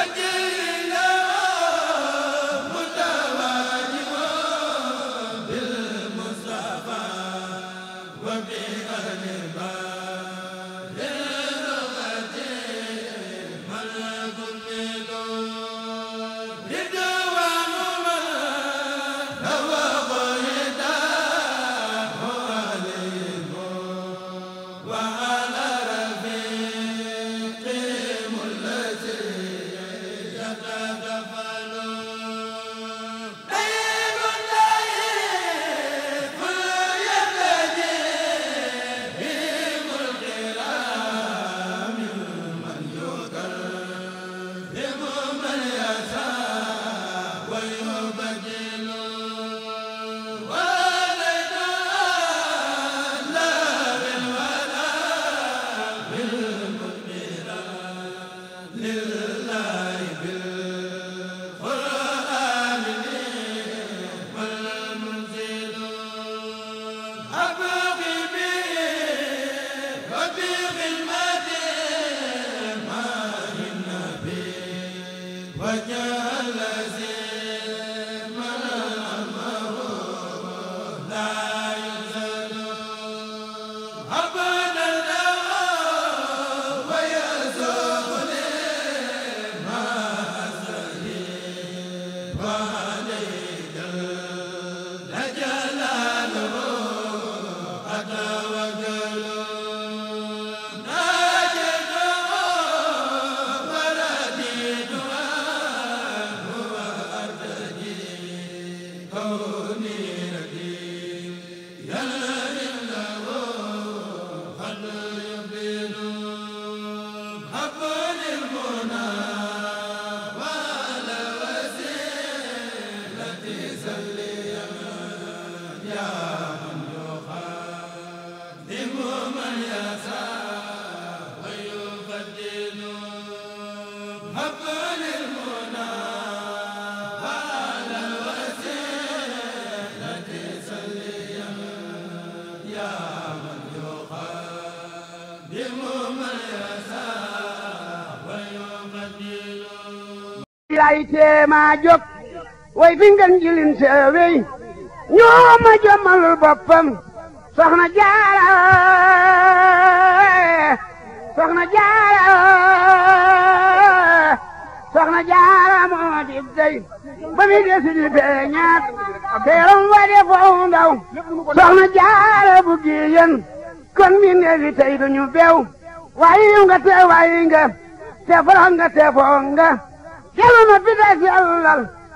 wajh wajja lay tee maa jóg way fi ngeen jilin seewey ñoo ma jëmmalul boppam soxna jaara soxna jaara soxna jaara moo di dey ba mi desi di beñaat teeram wa de foofu ndaw soxna jaara bu giyen kon mi neefi tey duñu bew waayi nga te waayi nga te farax nga te foog nga jëlu ma fi des yàllal